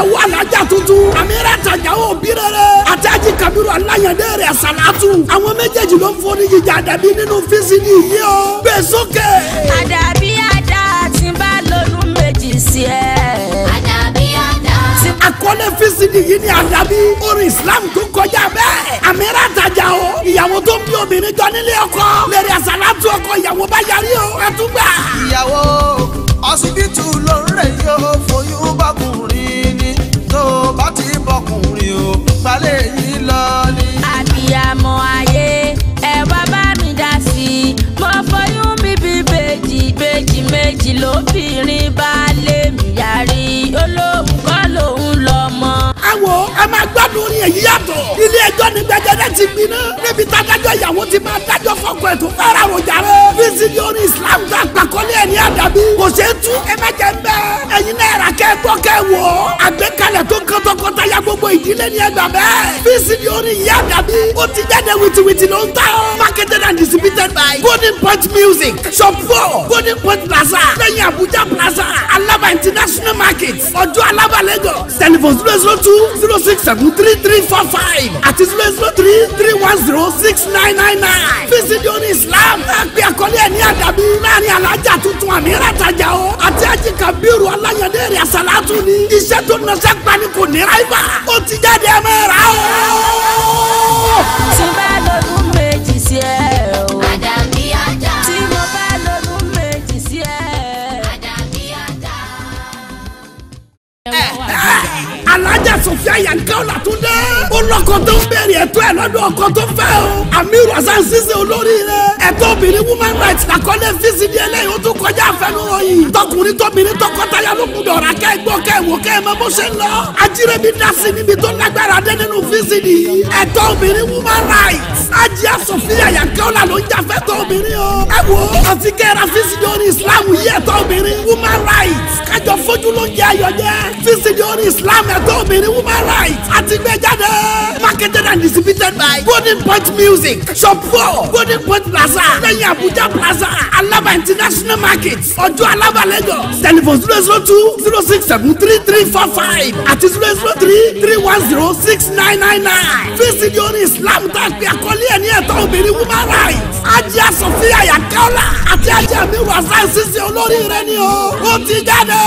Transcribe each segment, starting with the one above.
ìyàwó alájà tuntun amira tajà ó bí rere àtàjì kabiru alayande rẹ salatu àwọn méjèèjì ló ń foni jíjà dàbí nínú fisidi yìí o gbé sókè. àdàbí àdá tí bá lóyún méjì sí ẹ. àdàbí àdá. àkọlé fisidi yìí ni àdàbí orin islam tó kọjá bẹ́ẹ̀ amira tajà ó ìyàwó tó ń bí obìnrin jọ nílé ọkọ lèrè salatu ọkọ ìyàwó bá yarí o ẹtúgbà. ìyàwó ọsibítù ló ń rẹ̀ yóò foyún bákùnrin tó o bá ti bọkùnrin o gbalẹ̀ yìí lọ ni. àbíyamọ ayé ẹ wá bá mi dá sí i mo fọyún mi bí bèjì bèjì méjì lóbìnrin bá lè mi yàrí olóhùn kọ́lá ẹ wo ẹ máa gbádùn orin èyí yàtọ̀ ilé ẹjọ́ ní gbẹgẹdẹ ti gbiná níbi tádájọ́ ìyàwó ti máa dájọ́ fọ́kọ ẹ̀ tó fẹ́ràn àròjà rẹ̀ fíìsìdì orin Islam gba àgbàkọ́lé ẹ̀ ní àdàbí kò ṣe é tú ẹ má jẹ bẹ́ẹ̀ ẹ̀yin náà rà kẹ́ gbọ́ kẹ́ wọ̀ àgbékalẹ̀ tó kán tọkọtaya gbogbo ìdílé ní ẹgbà bẹ́ẹ̀ fíìsìdì orin ìyá àdàbí ó ti jáde wìtìwìtì ló ń tà marketed and distributed by Golden Point Music shop four Golden Point Plaza lẹ́yìn Abuja Plaza Alaba International Market ọjọ́ Alaba Lagos telephone zero zero two two zero six seven three three four five àti zero zero three three one zero six nine nine nine. fisidi oní islam náà pe àkọlé ẹ̀ ní àdàbí láàrin alájà tuntun àmì ìràtàjà o àti àjì kabiru aláyọ̀dé rẹ̀ àsàlátù ni iṣẹ́ tó nọ́ṣẹ́ gbani kò ní ráìbà ó ti jáde ẹ̀ mẹ́ra o. tí bá lọ́dún méjì sí ẹ o. alájà sofia yanka ọ̀làtúndé olóko tó ń bèrè ẹ̀tọ́ ẹ̀ lọ́dún ọkọ tó fẹ́ o amir hasan sise olórí rẹ ẹ̀tọ́ obìnrin woman rights àkọlé fcd eléyìí ó tún kọjá àfẹnuròyìn tọkùnrin tóbìnrin tọkọtaya ló kún dọ̀ra kẹ́ gbọ́ kẹ́ wò kẹ́ mọ bó ṣe ń lọ ajírẹ́bí dasi níbi tó lágbára dé nínú fcd ẹ̀tọ́ obìnrin woman rights ajá sofia yanka ọ̀là ló ń jàfẹ́ tọ́ obìnrin o ẹ wo àti kẹ́ra fcd orí islam yí ẹ̀tọ́ obìnrin woman rights kájọ fojú ló ń jẹ ayọ̀ islam ẹgbẹ́ obìnrin woman right. àti gbẹ́jáde. marketed and distributed by golden point music shop four golden point plaza lẹ́yìn abuja plaza alaba international market ọjọ́ alaba lagos telephone zero zero two zero six seven three three four five àti zero zero three three one zero six nine nine nine fèsì ní orin islam tá a pè àkọlé ẹ̀ ní ẹ̀tọ́ obìnrin woman rights ajá sọfíà yakola àti ajá mi wà sáà sísè olórí rẹ ni o ó ti jáde.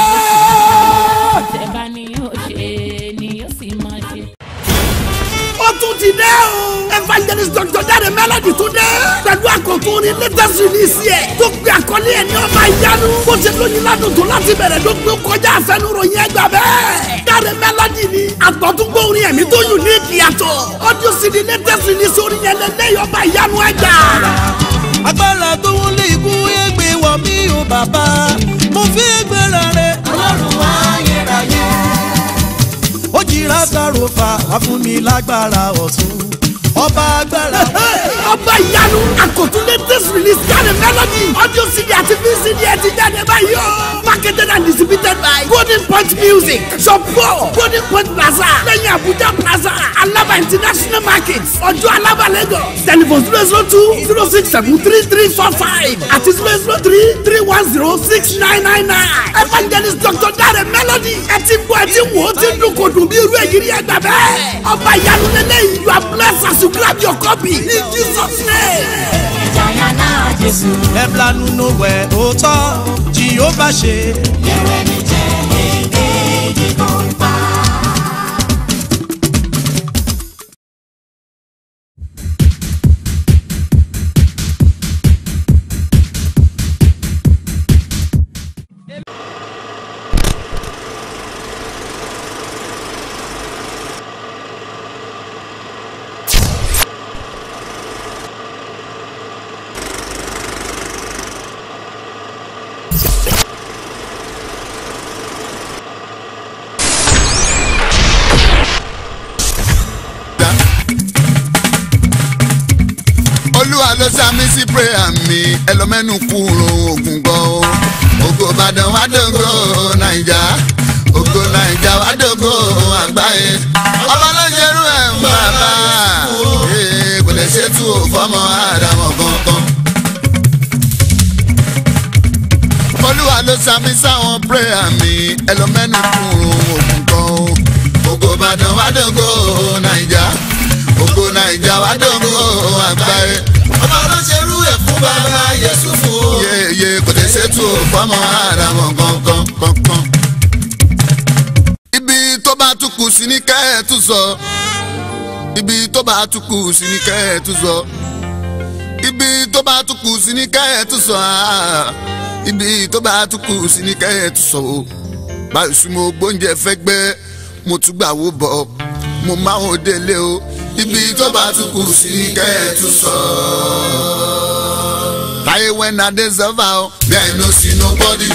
ti dé o. evangelist doctor Dare Melody tó dé. pẹ̀lú àkọ́kọ́ orin latest release ẹ̀. tó pe àkọlé ẹ̀ ní ọmọ ìyanu. bó ṣe lóyún ládùn tó láti bẹ̀rẹ̀ ló gbé kọjá àfẹnuròyìn ẹgbà bẹ́ẹ̀. Dare Melody ni àtọ̀túngbò orin ẹ̀mí tó yùn ní ìdíyàtọ̀. audio CD latest release orin yẹn lẹ́lẹ́yìn ọmọ ìyanu ẹgbà. agbára tó wọlé ikú ẹgbẹ́ wọ mí o bàbá mo fi gbẹ́ra rẹ̀ lágbàrò fà á fún mi lágbára ọ̀tún ọba agbára. ọba ìyanu àkọ́tún latest release jáde melody audio àti vcd ẹ ti jáde báyìí o marketed and distributed by golden point music shop four golden point plaza lẹ́yìn abuja plaza alaba international market ọjọ́ alaba lagos telephone zero zero two zero six seven three three four five àti zero zero three three one zero six nine nine nine evangelist doctor dare melody ẹ ti gbọ́ ẹ ti wò ó ti dùn kò dùn bí irú èyí rí ẹgbà bẹ́ẹ̀ ọba ìyanu lélẹ́yìn you are blessed as you grab your copy in Jesus name àná Jésù. ẹ blanu nowhere òótọ́ Jèhófà ṣe. yẹ̀wẹ̀ ni. mẹ́nu kúrò ògùn gbọ́ o ògo Ìbàdàn wá dógò Naija ògo Naija wá dógò àgbáyé ọba ló ń yẹrù ẹ̀ ń bàbá kò lè ṣètò fọmọ àdàmọ̀ kankan. olúwa ló sami sáwọn prayer mi ẹ lọ mẹ́nu kúrò ògùn gbọ́ o Ìbàdàn wá dógò Naija ògo Naija wá dógò àgbáyé ọba ló bàbá Yẹ̀sùfù o. yeye kò tẹ̀ ṣètò fọmọ àràmọ̀ kankan kankan. ibi tó bá tún sí ní kẹ́ ẹ̀ tún sọ. ibi tó bá tún sí ní kẹ́ ẹ̀ tún sọ. ibi tó bá tún sí ní kẹ́ ẹ̀ tún sọ. ibi tó bá tún kù sí ní kẹ́ ẹ̀ tún sọ báyìí sùn mo gbóúnjẹ fẹ́ gbẹ́ mo tún gbà wó bọ̀ mo máa ń délé o ibi tó bá tún kù sí kẹ́ẹ̀ tún sọ cry when I deserve out. Oh. Me I no see nobody.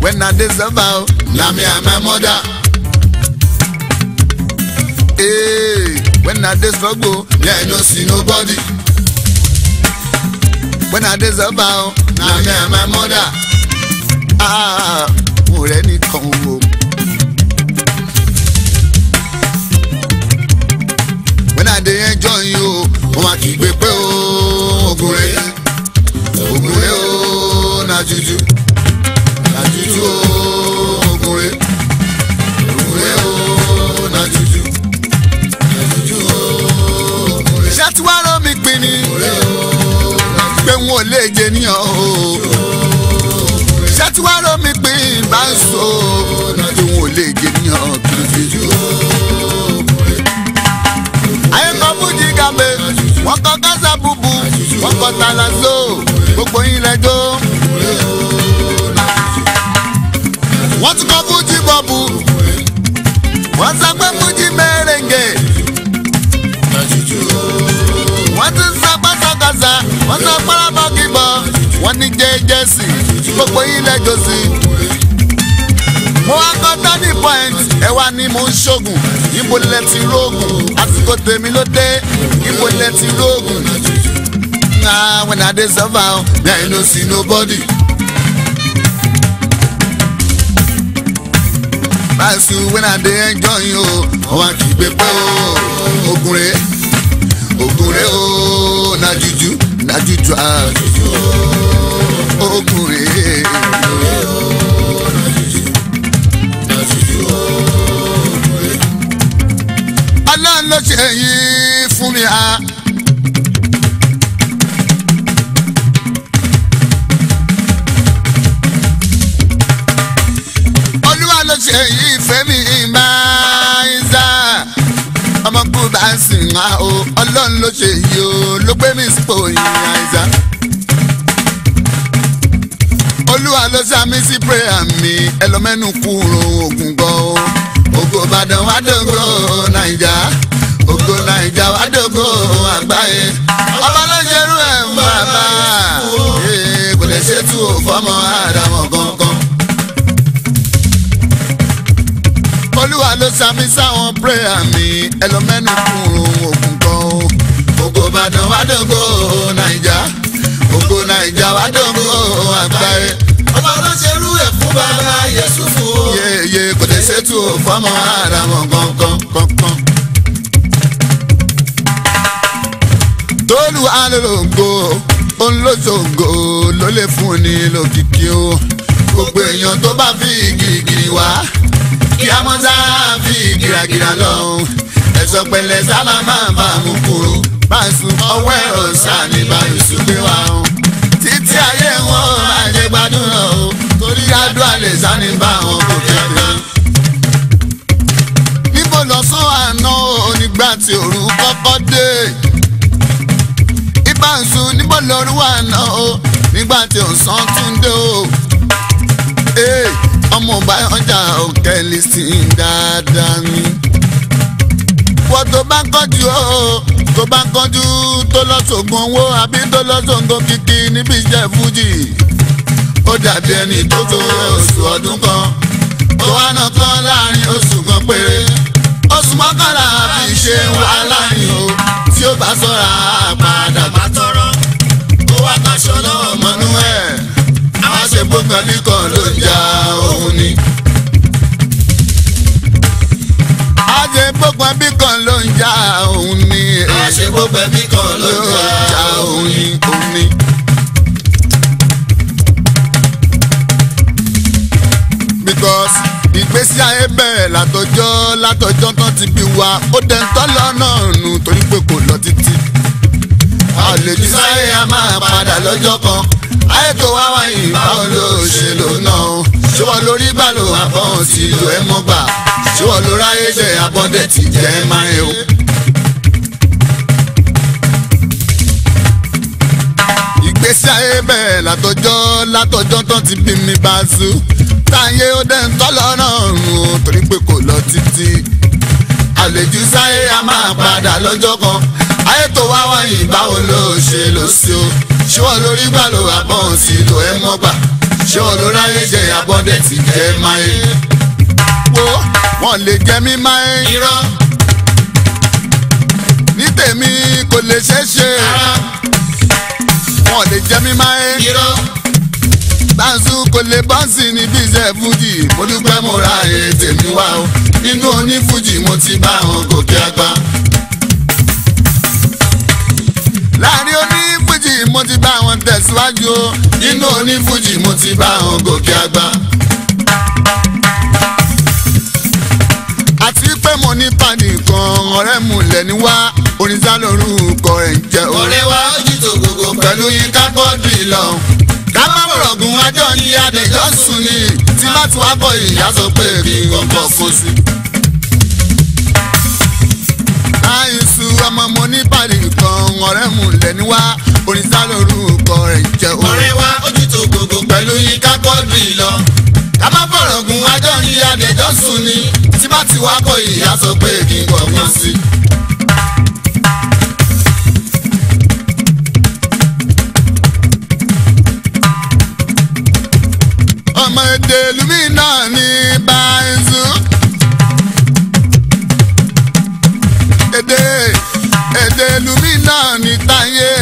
When I deserve out, oh. now me and my mother. Hey, eh, when I deserve go, me I no see nobody. When I deserve out, oh. now me and my mother. Ah, mo rẹ nìkan wo. àwùjọ yìí o wọn máa kígbe pé o ogun rẹ ogun rẹ o nàjújú nàjújú o ogun rẹ ogun rẹ o nàjújú nàjújú o ogun rẹ. ṣé tí wàá rán mi pin ni pé wọn ò lè jẹ níyàn o ṣé tí wàá rán mi pin bá ń pé wọn ò lè jẹ níyàn o. kọta la so gbogbo yín lẹ jó. wọ́n tún kọ́ fújì bọ́ọ̀bù wọ́n sọ pé fújì mẹ́rẹ̀ǹgẹ̀. wọ́n tún sọ pé sọ́kàsà wọ́n sọ pé rábàkì bọ̀ wọ́n ní jẹ́jẹ́ gbogbo yín lẹ jó sí. mo wá tọ́ni point ẹ wá ní mo ń ṣògùn ìbò lẹ ti àsìkò tèmi ló dé ìbò lẹ ti ah, when I dey suffer, now I don't see nobody. Pass you when I dey enjoy you, ọwọ́ àkìgbé pé o, ogun rẹ̀, ogun rẹ̀ o, oh, na juju, na juju ah, juju, oh, Ọlọ́run oh, ló ṣe èyí fún mi ah. ṣe yìí fẹ́mi máa ń sá bá ń sìn wá o ọlọ́run ló ṣe yìí o ló gbé mi sípò yìí àìsàn. olúwa ló sá mi sí prayer mi ẹ lọ mẹ́nu kúrò ògùn gan o ògo ìbàdàn wá dògo nàìjà ògo nàìjà wá dògo àgbáyé ọba ló ṣerú ẹ̀ ń bàbá kò lè ṣètò fọmọ ara olúwa ló sami sáwọn prayer mi ẹ lọ mẹ́nu fún òògùn kan o. ògo ìbàdàn wá dògo naija ògo naija wá dògo àgbáyé. ọmọ ọlọ́ṣẹ́rú ẹ̀ fún bàbá yẹ̀sùfù o. yeye kò lè ṣètò fọmọ ara kankan kankan. tolu alolongo olóṣogbo ló lè fún ni lókìkí o gbogbo èèyàn tó bá fi gírígírí wá kí a mọ́ sáà fi gíragíra lọ́hùn ẹ̀sọ́ pẹ̀lẹ́ sálámà bá mú kúrò bá sùn ọwọ́ ẹ̀rọ sáà ní bá sùn gbé wa hàn títí ayé wọn àjẹgbádùn rẹ̀ o torí adó àlẹ́ sáni bá wọn kò kẹ́kẹ́. níbo lọ́sán àná onígbà tí òrùn kọ́kọ́ dé ibà ń sun níbo lọ́rùn àná o nígbà tí òsán tún dé o. Hey mo bá ọjà òkèlè sí i dáadáa ni. wọ́n tó bá kánjú o tó bá kánjú tó lọ sògùn owó àbí tó lọ sògùn kìkì níbi iṣẹ́ fújì. ó dàbí ẹni tó tó oṣù ọdún kan ó wá náà kan láàrin oṣù kan péré oṣù mọ́kànlá fi ṣe wàhálà ni o tí ó bá sọ̀rọ̀ àpàdàgbà gbogbo nǹkan nìkan ló jà òun ni. àṣẹ gbogbo ẹbí kan ló ń jà òun ni. àṣẹ gbogbo ẹbí kan ló ń jà òun ni. because ìgbésí ayé bẹ̀rẹ̀ látọjọ́ látọjọ́ tán ti bí wa ó dẹ́ntọ́ lọ́nà nù torí pé kò lọ títí. àlejò sáyé a máa padà lọ́jọ́ kan àìtó wá wáyé báwo ló ṣe lò náà ṣé wọ́n lórí bàlò àbọ̀n sí ìlú ẹ̀ mọ́ gbà ṣé wọ́n lórí ayé jẹ́ abọ́dẹ̀ ti jẹ́ máa ń o. ìgbésí ayé bẹ̀rẹ̀ látọjọ́ látọjọ́ tán ti bí mi bá zu táyé ó dẹ̀ ń tọ́lọ́ náà rùn ó torí pé kò lọ títí àlejò sáyé a máa padà lọ́jọ́ kan ayé tó wá wáyé báwo ló ṣe lọ sí o ṣé wọn lórí gbà ló àbọ̀ òsì lo ẹ mọ́ gbà ṣé wọn ló ráyè jẹ àbọ̀dẹ̀ tì kẹ́ ẹ máa yé. wo wọn lè jẹ mí máa ń irọ́ ní tèmi kò lè ṣeé ṣe wọn lè jẹ mí máa ń irọ́ gbanzu kò lè bọ́ǹsì níbi iṣẹ́ fújì mo dúpẹ́ mo ra ètè mi wá o nínú onífújì mo ti bá wọn gòkè àgbà. láàrin ó fújì mo ti bá wọn tẹ̀síwájú o nínú oní fújì mo ti bá wọn gòkè àgbà. àti pé mo ní pàdé kan ọ̀rẹ́ múlẹ̀ ní wá oníṣà lórúkọ rẹ̀ ń jẹ́ o. ọ̀rẹ́ wa ó jí tògógó pẹ̀lú yín ká bọ́ọ̀dù ìlọrin. ká má bọ̀rọ̀gùn ajọ́ ní adẹ́jọ́ sùn ni tí bá ti wá bọ̀ ìyá sọ pé kí n bọ̀ kó sí àìsù ọmọ mo ní pàdé kan ọ̀rẹ́ mu lẹ́ni wá onísà lórúkọ rẹ̀ jẹ́ o. ọ̀rẹ́ wa ojútò gbogbo pẹ̀lú yíká kọ́ọ̀dù ìlọ. ká má bọ̀rọ̀ gun ajọ́ yíya dẹjọ́ sùn ni tí bá ti wá kọ ìyá sọ pé kí n kọ̀ọ̀kan sí ọmọ èdè lumi náà ní báyìí èdè èdè lumi náà ní táyé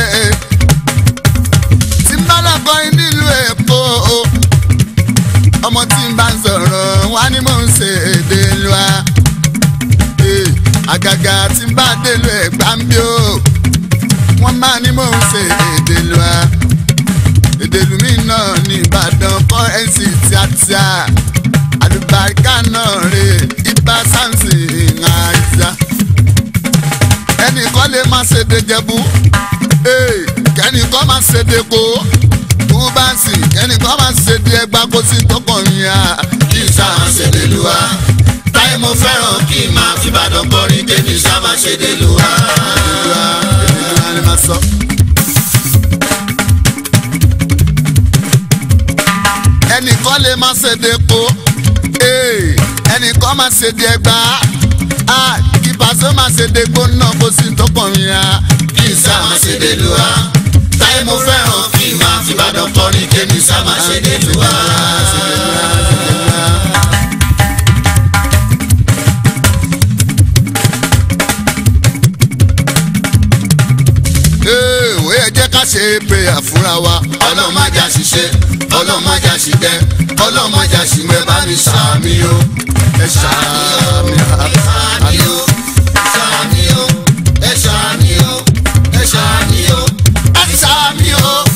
èkó o ọmọ tí n bá ń sọ̀rọ̀ wá ní mò ń ṣe èdè lua eh, àgàgà tí n bá délu ẹ̀gbá ń bí o wọ́n máa ní mò ń ṣe èdè lua èdè lumi náà ní Ìbàdàn fọ́rẹ́ǹsì tíátíá àlùbáríkà náà rè ibà sáǹsì ìhàn àìsà ẹnì kan lè má ṣe dejẹ̀bú eh, kẹ́nì kan má ṣe deko báǹsì ẹnìkan máa ń ṣe di ẹgbà kó sí tọkọrin a. kí n sáà ṣe délúwa táyé mo fẹ́ràn kí n máa fi Ìbàdàn kọrin tèmi sábà ṣe délúwa. délúwa délúwa ni màá sọ. ẹnìkan lè má ṣe depo eh, ẹnìkan má ṣe di ẹgbà kí Paso má ṣe depo náà kó sí tọkọrin a. kí n sáà má ṣe délúwa táyé mo fẹ́ràn kí gbọ́dọ̀ kọrin kéènì sábà ṣe dé lù wá. òwe ẹ jẹ́ ká ṣe prayer fúnra wa. ọlọ́run má jà ṣiṣẹ́ ọlọ́run má jà ṣìdẹ́ ọlọ́run má jà ṣìmọ̀ ẹ bá mi sàmì o ẹ sàmì o sàmì o ẹ sàmì o ẹ sàmì o ẹ sàmì o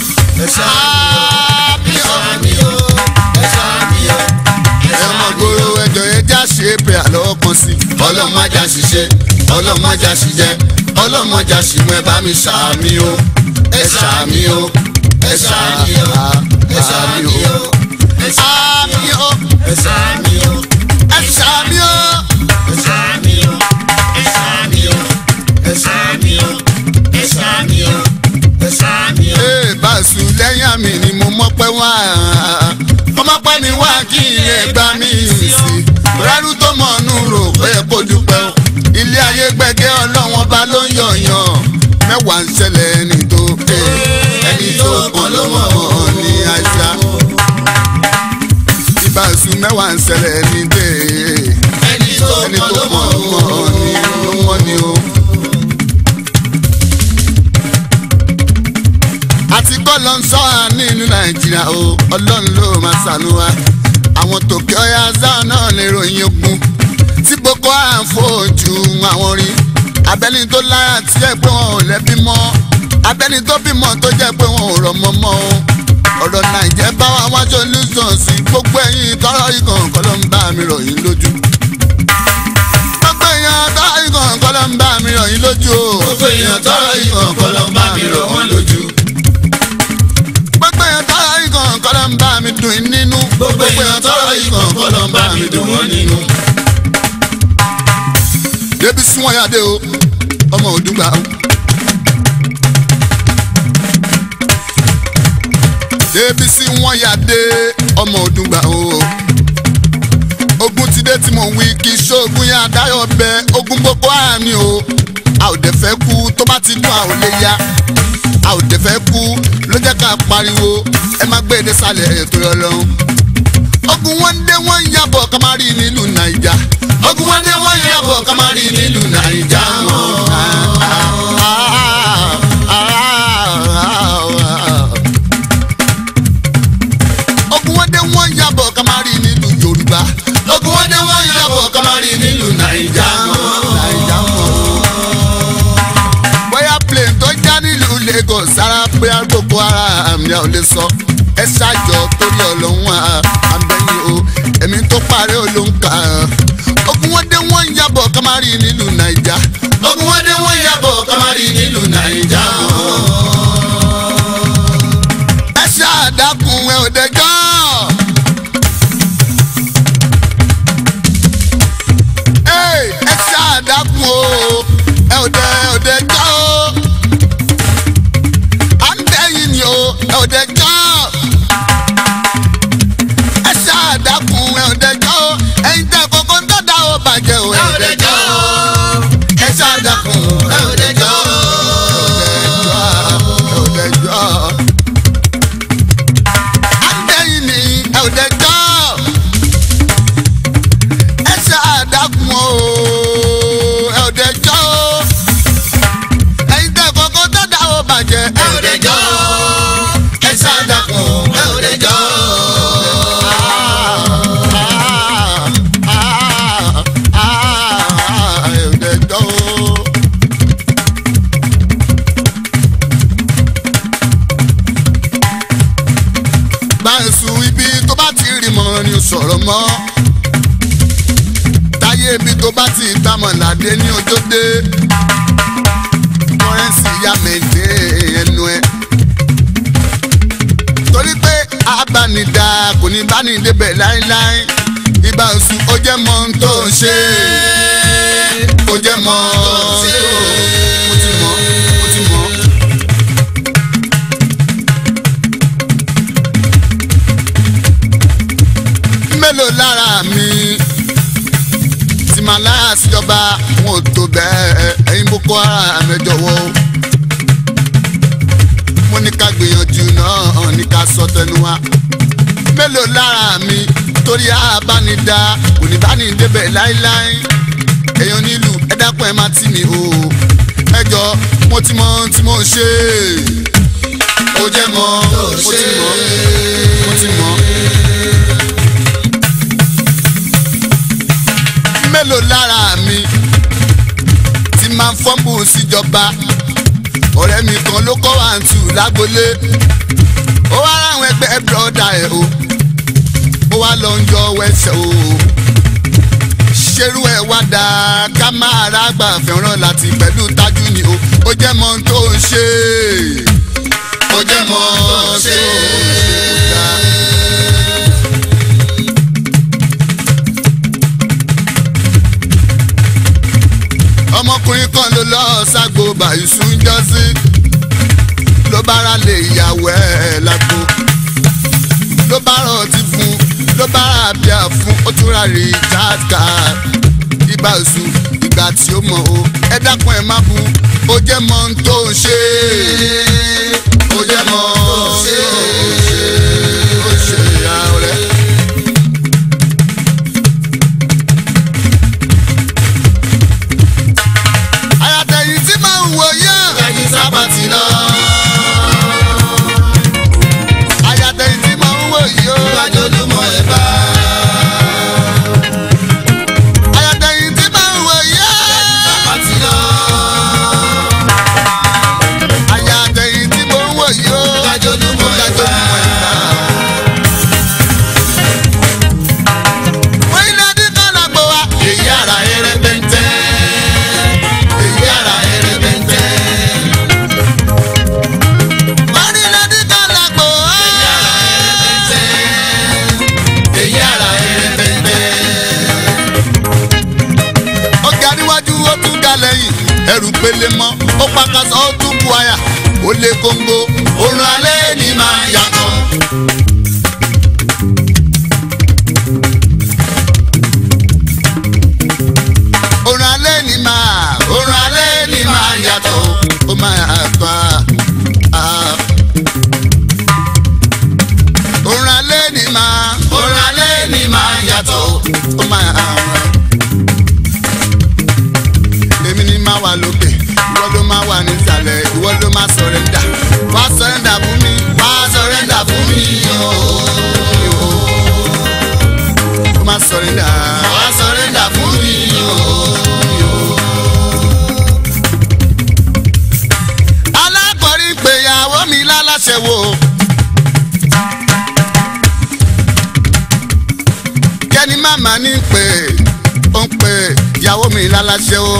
ṣépè àlọ́kùn sí. ọlọ́mọjà ṣiṣẹ́ ọlọ́mọjà ṣiṣẹ́ ọlọ́mọjà ṣìmọ̀ ẹ bá mi ṣàmì o ẹ ṣàmì o ẹ ṣàmì o ẹ ṣàmì o ẹ ṣàmì o ẹ ṣàmì o bá mi ni mo mọ́pẹ́ wá ọmọpẹ́ ni wá kí ilé gbá mi sí rárú tó mọ̀ nù rò pé kó dúpẹ́ o ilé ayé gbẹ̀gẹ́ ọlọ́wọ́n bá ló ń yọ̀yàn mẹ́wàá ń ṣẹlẹ̀ ẹni tó pé ẹni tó kàn ló mọ̀ ní àṣà ìbáṣu mẹ́wàá ń ṣẹlẹ̀ ẹni tẹ́ ẹ. ọlọ́run ṣọ́ wa nínú nàìjíríà o ọlọ́run ló máa ṣàánú wa àwọn tòkè ọ̀yà sáà náà lè ròyìn ogun tí boko haram fojú àwọn rí abẹ́ni tó lára tí jẹ́ pé wọn ò lẹ́bí mọ́ abẹ́ni tó bímọ tó jẹ́ pé wọn ò rọmọ mọ́ o ọ̀rọ̀ nàìjẹ́ bá wa wá solution sí gbogbo ẹ̀yin tọ́rọ̀ ikàn kọ́ ló ń bá mi ròyìn lójú. gbogbo èèyàn tọ́rọ̀ ikàn kọ́ ló ń bá mi ròyìn lójú o. gbogbo èèyàn tọ́rọ̀ ikàn kọ́ ló ń bá mi rò lójú kọ́lọ́ ń bá mi dùn nínú. gbogbo èèyàn tọrọ yìí kàn kọ́lọ́ ń bá mi dùn wọ́n nínú. débi súnwọ́n yá dé o ọmọ òdùngbà o. débi sí wọ́n yá dé ọmọ òdùngbà o. ogun ti dé tí mo wí kì í ṣoògùn yá bẹ ogun Boko Haram ni o a ò dẹ̀ fẹ́ kú tó bá ti dún a ò lè ya a ò dẹ̀ fẹ́ kú ló jẹ́ ká pariwo ẹ má gbé nísàlẹ̀ ètò ọlọ́run. ogun wọn dé wọn yàbọ̀ ká nílùú nàìjà. ogun wọn dé wọn yàbọ̀ ká nílùú nàìjà bóyá gbogbo ara àmì ò lè sọ ẹ ṣàjọ torí ọlọ́run àbẹ̀yìn o ẹ̀mí tó parẹ́ olóńkà ogun wọn dé wọn ń yàbọ̀ kamari nílùú nàìjà. ogun wọn wọn ń yàbọ̀ kamari nílùú nàìjà. ẹ ṣàdákùn ẹ ò dẹjọ́. ẹ ṣàdákùn o ẹ ò dẹ ò dẹ. dé ní ọjọ́ dé kọ́rẹ́nsì ya mẹ́tẹ́ ẹnu ẹ. torí pé abánidá kò ní bá ní débẹ̀ láéláé ìbá oṣù ó jẹ́ mọ́ ń tó ń ṣe ó jẹ́ mọ́ ń tó ń ṣe. mélòó lára mi síjọba wọn ò tó bẹ́ẹ̀ ẹ̀yin boko haram ẹ jọ̀wọ́ o. mo ní ká gbìyànjú náà ní ká sọ tẹnu wa. mélòó lára mi torí àbánidá kò ní bá ní débẹ̀ láíláí. èèyàn nílùú ẹ dákun ẹ má tì mí o. ẹ mo ti mọ ohun tí mo ń ṣe. ó jẹ́ mọ́ mo ti mọ̀ mo ti mọ̀. mélòó lára fọ́ǹbù síjọba ọ̀rẹ́ mi kan ló kọ́ wà ń tù ó wá ráwọn ẹgbẹ́ bírọ́dà ẹ̀ o ó wá lọ ń yọ wẹ́sẹ̀ o ṣerú ẹ̀ wá dáa ká máa rà gbà fẹ́ràn láti pẹ̀lú tájú ni o ó jẹ́ mọ́ tó ń ṣe ó jẹ́ mọ́ tó ń ṣe ọkùnrin kan ló lọ ságbo bàyùsù ń jọ́sí ló bára lè ìyàwó ẹ̀ lágbo ló bára ọtí fún ló bára bíà fún ó tún ra rí káàkà ìbàyùsù ìgbà tí ó mọ̀ o ẹ dákun ẹ má bu ó jẹ́ mọ́ ń tó ń ṣe ó jẹ́ mọ́ ń tó ń ṣe. ta ní pè ó ń pè ìyàwó mi láláṣẹ o.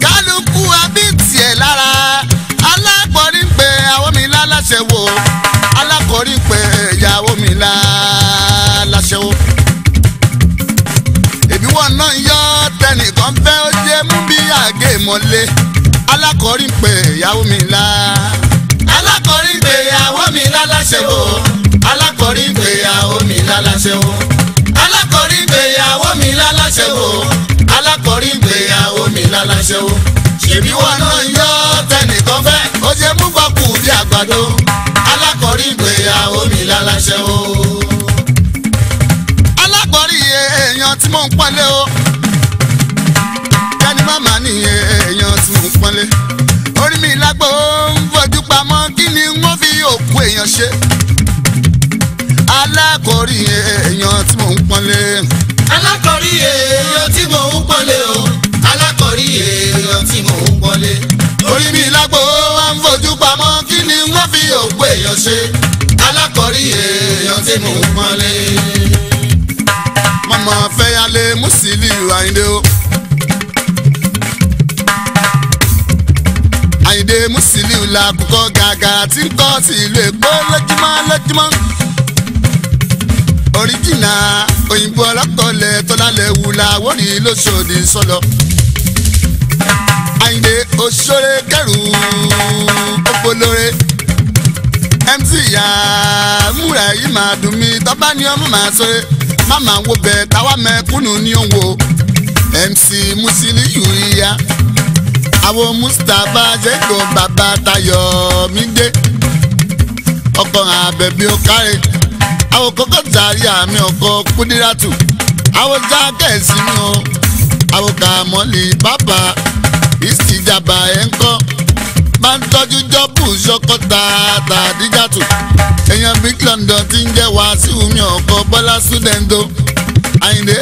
kálukú abí tiẹ̀ lára alákọ̀ọ́rí pé ìyàwó mi láláṣẹ wo alákọ̀ọ́rí pé ìyàwó mi láláṣẹ o. èmi wọn náà yọ tẹnìkan fẹ́ ó yé mú bí àgé mọ́lé alákọ̀ọ́rí pé ìyàwó mi lá. alákọ̀ọ́rí pé ìyàwó mi láláṣẹ wo alákọ̀ọ́rí pé láláṣẹ o alákọ̀rí ìgbéyàwó mi láláṣẹ o alákọ̀rí ìgbéyàwó mi láláṣẹ o ṣèbí wọn náà yọ tẹnìkan fẹ́ ó ṣe mú bọ́kù bí àgbàdo alákọ̀rí ìgbéyàwó mi láláṣẹ o. alákọ̀rí èèyàn tí mò ń pọ́nlé o kẹ́ni màmá ni èèyàn tí mò ń pọ́nlé orí mi lágbo ń fojú pamọ́ kí ni wọ́n fi òkú èèyàn ṣe alákọ̀rí èèyàn tí mò ń pọ́nlé. alákọ̀rí èèyàn tí mò ń pọ́nlé o alákọ̀rí èèyàn tí mò ń pọ́nlé. orí mi lágbo wa ń fojú pamọ́ kí ni wọ́n fi òkú èèyàn ṣe alákọ̀rí èèyàn tí mò ń pọ́nlé. màmá fẹ́yàlé Musiliu Àyìndé o. Àyìndé Musiliu làkùkọ gàgàrà tí ń kọ́ sí ìlú Èkó lójúmọ́ lójúmọ́ oríjìnà òyìnbó ọlọ́kọ̀ọ́lẹ̀ tọ́lálẹ̀ wùlà wọ́ọ̀rì lóṣòdì sọlọ. àyìnlé òṣèré kẹrù ọpọlọrẹ mc ya múra yìí máa dùn mí tọ́ba ni ọmọ máa sọ̀rẹ́ máma wo bẹ̀ táwa mẹ́kúnnù ni ó wo mc musiliyu ya àwọn mustapha jẹ́gbọ̀n bàbá tayo mi dé ọkọ̀ àbẹ̀bí ó kárẹ̀ àwọn kọ́kọ́ tàrí àmì ọkọ̀ kúdírátù àwọn jákẹ́sì mi o àwọn kàmọ́lì bàbá ìsìjàbà ẹ̀ ń kọ́ máa ń tọ́jú jọ́bù sọ́kọ́ tààtà àdíjàtù èèyàn big London ti ń jẹ́ wàásù mi ọkọ̀ bọ́lá súdẹ́ńdó àyìndé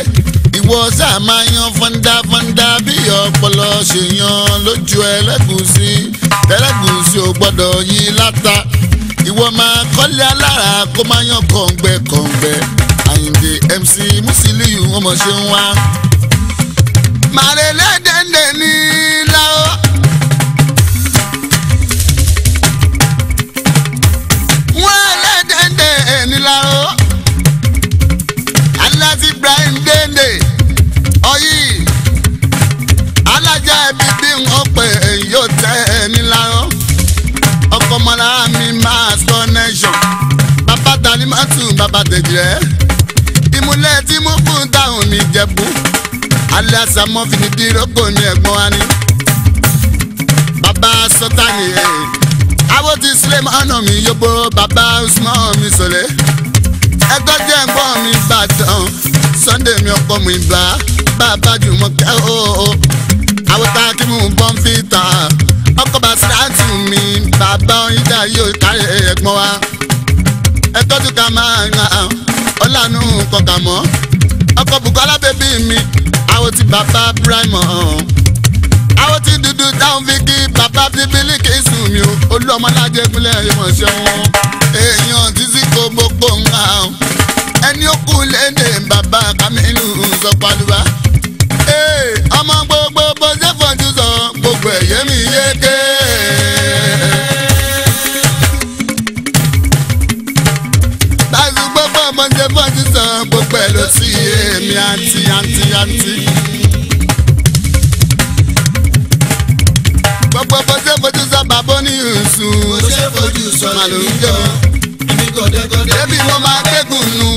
ìwọ sáà máa yan fọ́ndá fọ́ndá bí ọpọlọ ṣe yan lójú ẹlẹ́gùsí ẹlẹ́gùsí ò gbọ́dọ̀ yí láta ìwọ máa kọ́lé alára kó máa yan kọ̀ǹgbẹ kọ̀ǹgbẹ Àyìndé MC Musiliu wọn mọ̀ ṣe ń wá. màrèlé dẹ́ndẹ́ ní láwọ́. wọ́n lé dẹ́ndẹ́ ní láwọ́. aláti Ibrahim dẹ́ndẹ́ ọyí alájà ẹbí bí wọ́n pè é yóò tẹ́ ẹ ní fọmọra mi mass connection bàbá tani má tún bàbá tẹ̀jẹ̀ ìmúlẹ̀ tí mo fún táwọn mi jẹ̀bú alẹ́ àṣà mọ́ fìdí rògbò ní ẹ̀gbọ́n wa ni bàbá sọ́tàní ẹ̀ eh. àwọn ti sílẹ̀ mọ́ ọ̀nà mi yóbó bàbá usman mi sọ̀lẹ̀ ẹgbẹ́ tí ẹ̀gbọ́n mi bàdàn sunday mi ọkọ mi bá bàbá jùmọ̀ kẹ́ ọ́ oh, oh, oh. àwọn tá a kí mú bọ́ǹfìtà mi bàbá oníjà yóò kárí ẹ̀gbọ́n wa ẹ tọ́jú ká máa ń hàn ọ̀làánú kọkà mọ́ ọkọ̀ Bùkọ́lá bèbí mi àwọn ti bàbá Primor àwọn ti dúdú táwọn fi kí bàbá bíbélì kì í sùn mí o olú ọmọlájẹ ìpínlẹ̀ ìmọ̀ ṣẹ́wọ̀n èèyàn títí kò gbogbo ń hàn ẹni ó kú léde bàbá Kamilu sọ pàlùbá ọmọ gbogbo bọ́jà. èmi àǹtí àǹtí àǹtí. gbogbo fojú fojú sábà bó ní ìsùn. mo ṣe fojú sọ ìjọ ibi gọdẹgọdẹ. débi mo máa gbẹ́gùn nu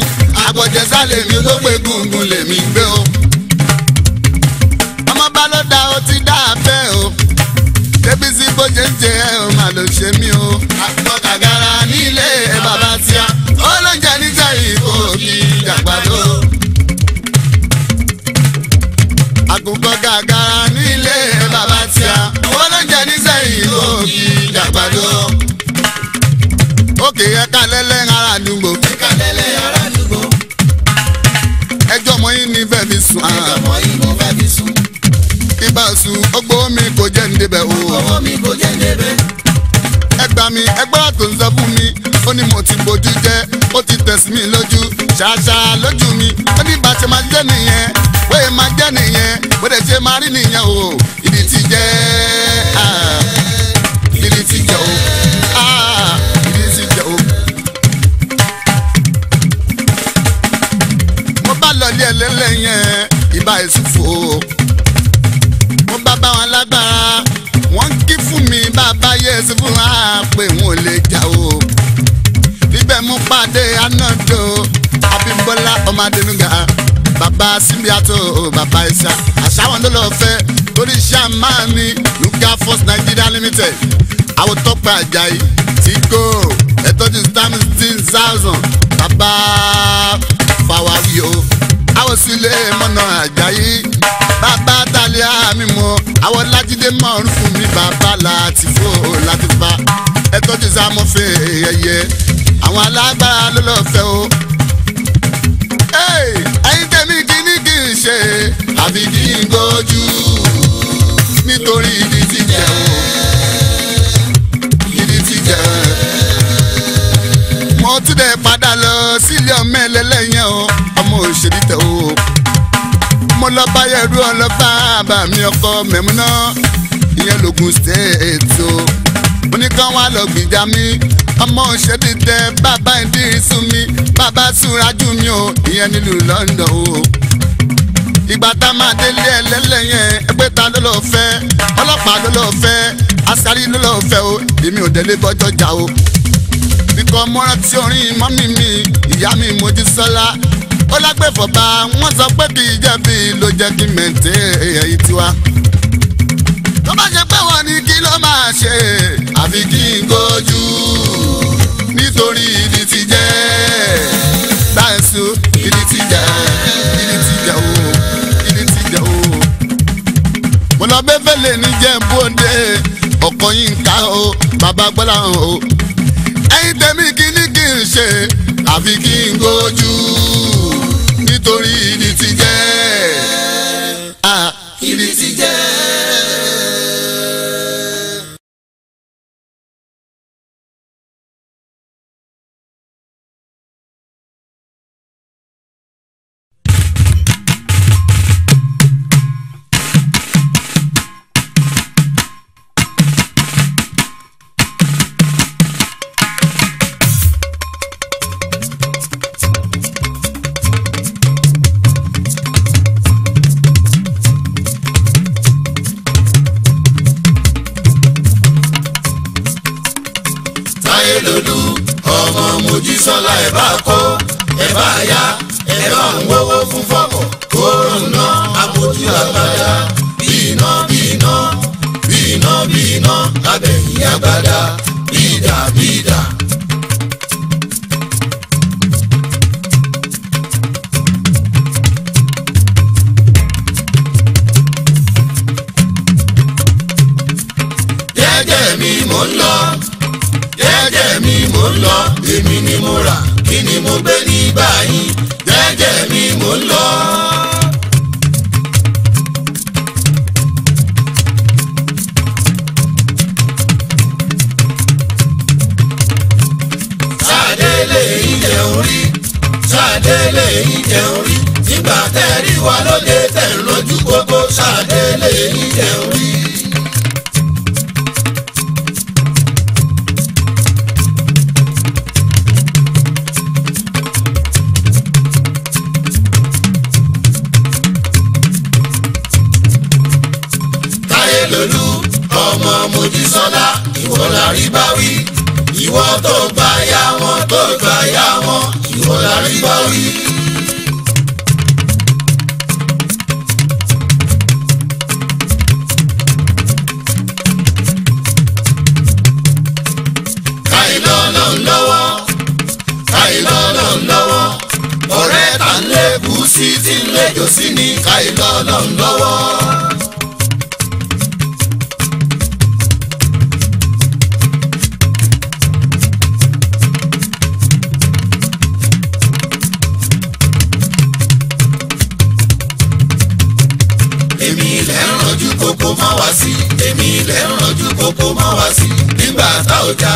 àbọ̀jẹ̀sà lèmi tó gbé gungun lèmi gbé o. ọmọ bá ló da ó ti dá abẹ́ o. débi sí bó ṣe ń jẹ o màá ló ṣe mí o. àpò ní. òkì dàgbàdo. òkè ẹ̀ka lẹ́lẹ́ ara àdúgbò. ẹ̀ka lẹ́lẹ́ ara àdúgbò. ẹjọ́ mọ́ yín ní fẹ́ẹ́ fi sùn. ẹjọ́ mọ́ yín ní fẹ́ẹ́ fi sùn. ibà sùn ọgbọ́n mi kò jẹ́ ń débẹ̀ o. ọgbọ́n mi kò jẹ́ ń débẹ̀. ẹgbà mi ẹgbẹ́ àtò ń sọ fún mi ó ní mo ti bójú jẹ́ ó ti tẹ̀sí mi lójú ṣàṣà lójú mi ó ní bàtẹ́ máa jẹ́ nìyẹn wéè máa jẹ́ nìyẹn bó o ìdí yéésù fún wa pé wọn ò lè jà o bíbẹ̀ mú pàdé anájọ Abímbọ́lá ọmọ Adénúgà bàbá símbíàtò bàbá ìṣá àṣàwọn ló lọ fẹ́ torí iṣẹ́ àmà mi Nuga First Nigeria Limited àwòtọ́pẹ́ Àjàyí ti go ẹ̀tọ́jú stamps ten thousand bàbá fàwárí o àwọn sílé mọ́nà àgbáyé bàbá dalẹ̀ àmì mọ́ àwọn lájídé márùn fún mi bàbá láti fò láti fa ẹ̀tọ́ ti sá mọ́ fẹ́ ẹ̀yẹ àwọn alágbára ló lọ́ọ́ fẹ́ o. ẹ̀yin tẹ̀mí kìíní kì í ṣe àfi kí n gbójú nítorí ibi tí jẹun ibi tí jẹun mo tún dẹ̀ pa padà lọ sílé ọmọ ẹlẹ́lẹ́yìn o ọmọ òṣèré tẹ o. mo lọ bá yẹrù ọlọ́fà bá mi ọkọ mẹ́múná ìyẹn lògùn stéètì o. mo ní kán wá lọ gbìjà mi ọmọ òṣèré tẹ bàbá ìdírísù mi bàbá súnrajú mi o ìyẹn nílùú London o. ìgbà tá a máa délé ẹlẹ́lẹ́yìn ẹgbẹ́ ta ló lọ fẹ́ ọlọ́pàá ló lọ fẹ́ asarí ló lọ fẹ́ o èmi ò délé bọ́jọ́ jà o ikọ̀ mọ́ra tí orin mọ́mí mi ìyá mi Mojísọ́lá ó lágbèfọ̀ba wọ́n sọ pé kì í jẹ̀bi ló jẹ́ kí mẹ̀ǹtẹ́ èyí tiwa. tó bá ṣe pé wọ́n ní kí ló máa ṣe àfi kí n kojú nítorí ìdí ti jẹ́ báyìí ìdí ti jẹ́ ìdí ti jẹ́ o ìdí ti jẹ́ o. mo lọ bẹ́ẹ̀ fẹ́ lè ní jẹ́ bóde ọkọ̀ yín ká o bàbá gbọ́dọ̀ o lẹ́yìn tèmi kíní kí n ṣe àfi kí n gbójú nítorí ìdí ti jẹ́. Ah, ìdí ti jẹ́. ẹ̀ bá kó ẹ̀ bá yá ẹ̀ bá ń wọ́wọ́ fún fọ́kọ̀ kóró ná àpótí àgbàdá bí iná bí iná bí iná bí iná lábẹ́ yín àgbàdá. èmi ilẹ̀ ń rànjú kókó má wá sí èmi ilẹ̀ ń rànjú kókó má wá sí nígbà tá ò já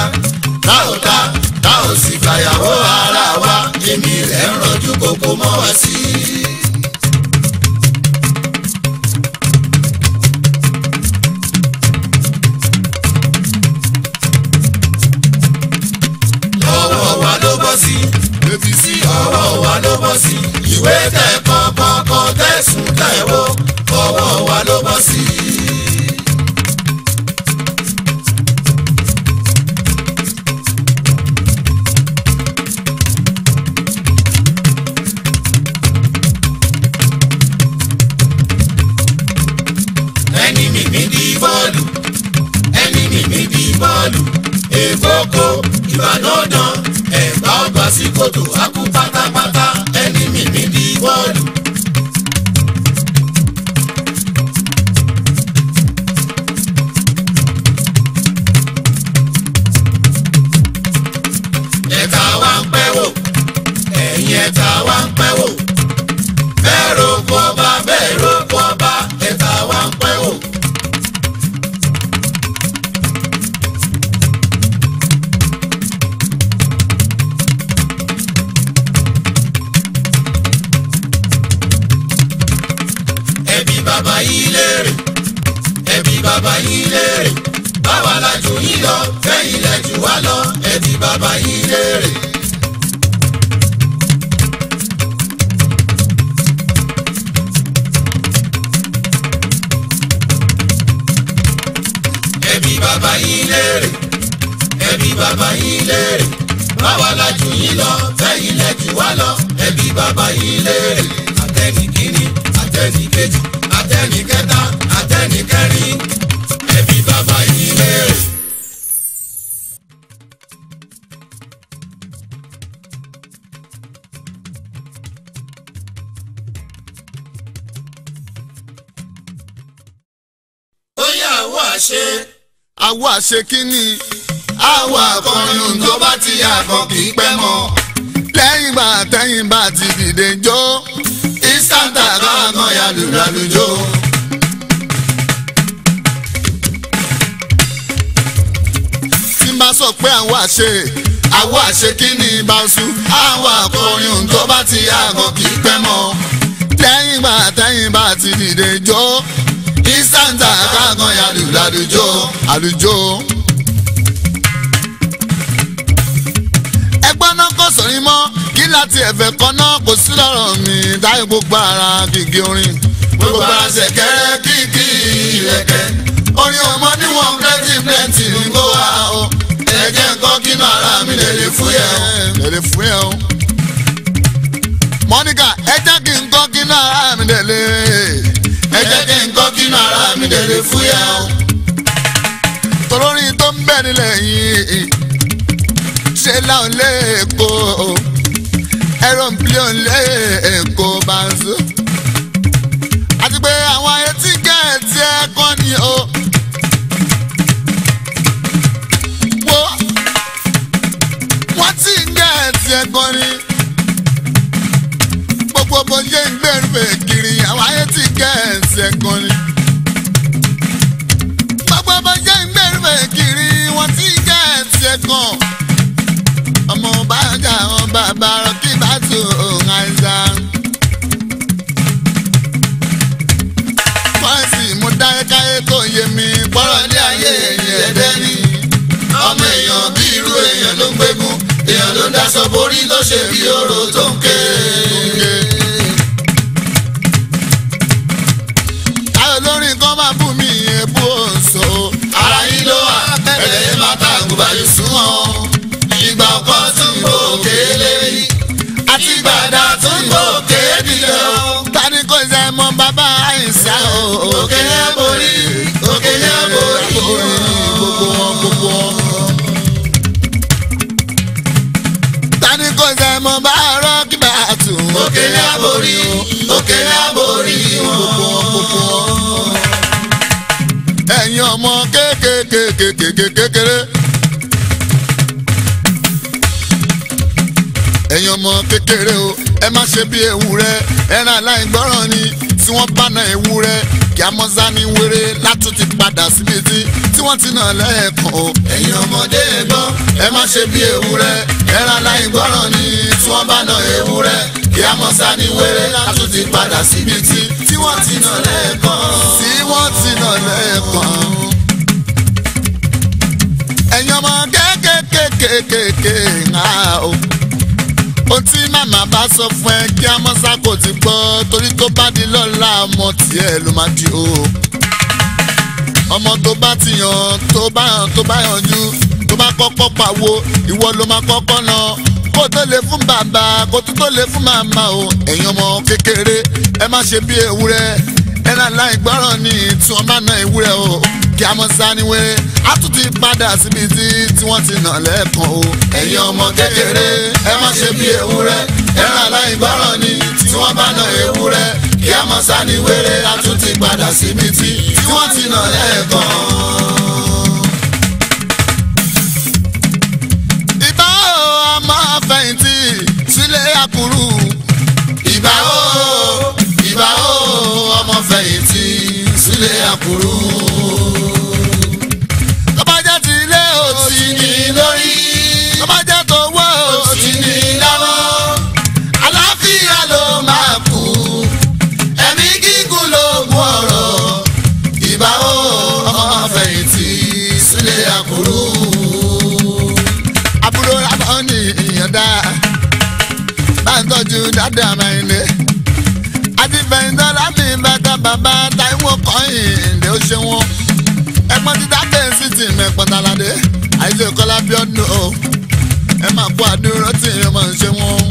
tá ò ta tá ò sì fàyàwó ara wa èmi ilẹ̀ ń rànjú kókó má wá sí. ọwọ́ wa ló bọ́ sí ìwé tẹ̀ kọ̀ọ̀kan kan tẹ̀sùn tẹ̀ wò ọwọ́ wa ló bọ́ sí. ìbàdàn ọ̀dàn ẹ̀gbá ọgbà sí kòtò àkùkù. Well, kẹ́yìn lẹ̀ jù wá lọ ẹbí bàbá yìí léèrè. ẹbí bàbá yìí léèrè ẹbí bàbá yìí léèrè báwa la jù yín lọ kẹ́yìn lẹ̀ jù wá lọ ẹbí bàbá yìí léèrè àtẹnikíní àtẹnìkejì àtẹnìkẹta àtẹnìkẹrin ẹbí bàbá yìí léèrè. àwa ṣe kínní. àwa akọrin ohun tó bá ti yà kọ kì í pẹ́ mọ́. lẹ́yìn bá tẹ́yìn bá ti dìde jó. ìsàǹtà káàkàn yàlùyàlù jó. tí n bá sọ pé àwa ṣe àwa ṣe kínní báṣu. àwa akọrin ohun bá ti yà kọ mọ́. lẹ́yìn bá tẹ́yìn bá ti dìde jó ìsàǹtà káàkan yà lùlù àlùjọ àlùjọ. ẹgbọ́n náà kò sọ̀rí mọ́ kí láti ẹ̀fẹ̀ kan náà kò sí lọ́rọ̀ mi táyé gbogbo ara gègé orin. gbogbo ara ṣẹ̀kẹ́rẹ́ kìkì ìrẹ̀kẹ́ orin ọmọ níwọ̀n plenty plenty ń gbọ́ wa o ẹ̀jẹ̀ nǹkan kínú ara mi lè lè fúyẹ́ o. lè o. Monica ẹ jẹ́ kí n kọ́ kínú ara mi lè lè ẹ jẹ́ kí n kọ́ kínú ara mi lè lè fúyà o. torórí tó ń bẹ nílẹ̀ yìí ṣe láwọn lé èkó aeroplane lé èkó banzo. àti pé àwọn ayé tí gẹ̀ẹ́tì ni o. wo wọ́n ti ń gẹ̀ẹ́tì ẹ̀ ni ọkọ̀ jẹ́ ìgbẹ́rùfẹ́ kiri àwọn ayé ti kẹ́ ẹ̀sẹ̀ kan ni. gbogbo ọmọ jẹ́ ìgbẹ́rùfẹ́ kiri wọ́n ti kẹ́ ẹ̀sẹ̀ kan. ọmọ bá jà wọn bàbá rọ kí bá tu òun àìsàn. fọ́ọ̀sì mo dá ẹ̀ka ètò yé mi pọ́rọ̀ ní ayé ẹ̀yìn ẹ̀dẹ́ ni. ọmọ èèyàn bí irú èèyàn ló ń gbégun èèyàn ló ń daṣọ borí ló bí oró tó ń ké. máa bù mí ebú òǹso. ara yín ló wà ẹ̀rẹ̀ yẹn máa ta àgùbà sún wọn. ìgbà ọkọ tún bò kéèlé rí àti gbàdá tún bò kéèdìlẹ̀ o. tani kò ṣe mọ bàbá àyìnsá o. òkè yẹn borí òkè yẹn borí. gbogbo wọn gbogbo wọn. tani kò ṣe mọ bá rọ́ọ̀kì bá tù. òkè yẹn borí ẹ̀yin ọmọ kékeré. ẹ̀yin ọmọ kékeré o ẹ má ṣe bí ewúrẹ́ ẹran aláìgbọ́ràn ni tí wọ́n bá na ewúrẹ́ kí a mọ́ sá ní wéré látún ti padà síbi tí tí wọ́n ti nà lẹ́ẹ̀kan o. ẹ̀yin ọmọdé gbọ́ ẹ má ṣe bí ewúrẹ́ ẹran aláìgbọ́ràn ni tí wọ́n bá ewúrẹ́ kí a wéré látún ti padà síbi tí tí wọ́n ti nà lẹ́ẹ̀kan. tí wọ́n ti nà lẹ́ẹ̀kan. ẹ̀yin ọmọ kékèkékèké ńlá o. ó tí màmá bá sọ fún ẹ kí amọ́sá kò ti gbọ́ torí tó bá di lọ́la ọmọ tiẹ̀ ló máa di o. ọmọ tó bá ti yàn tó bá yàn tó bá yanjú tó bá kọ́kọ́ pàwo ìwọ ló máa kọ́kọ́ náà kó tó lè fún bàbá kó tó tó lè fún màmá o ẹ̀yin ọmọ kékeré ẹ má ṣe bí ewúrẹ́ ẹ rà láì gbọ́rọ̀ ní tí wọ́n bá na ewúrẹ́ o kí a mọ̀ sáníwé a tún ti padà síbi tí tí wọ́n ti nà lẹ́ẹ̀kan o. ẹ̀yin ọmọ kékeré ẹ má ṣe bí ewúrẹ́ ẹ rà láì gbọ́rọ̀ ní tí wọ́n bá na ewúrẹ́ kí a mọ̀ sáníwé a tún ti padà síbi tí tí wọ́n ti nà lẹ́ẹ̀kan. akuru ìbà o ìbà o ọmọ fẹ̀yìntì sílé akuru. tọ́bajẹ́ ti ilé òtí ni lórí tọ́bajẹ́ tó wọ́ òtí ni lọ́wọ́ àlàáfíà ló máa kú ẹ̀mí gígùn lóògùn ọ̀rọ̀ ìbà o ọmọ fẹ̀yìntì sílé akuru. àbúrò abọ́ ni ìyàn dáa bá ń tọ́jú dáadé àmà ilé. àti fẹ̀yìntàn láti bàtà bàbá táìwọ̀n kọ́yìn ìdè ó ṣe wọn. ẹ̀pọ́n ti dábẹ́ sí ti mẹ́pọ̀tàládé àìsè kọ́lá bí ọdún o. ẹ máa kó àdúró tí ìyẹn máa ń ṣe wọn.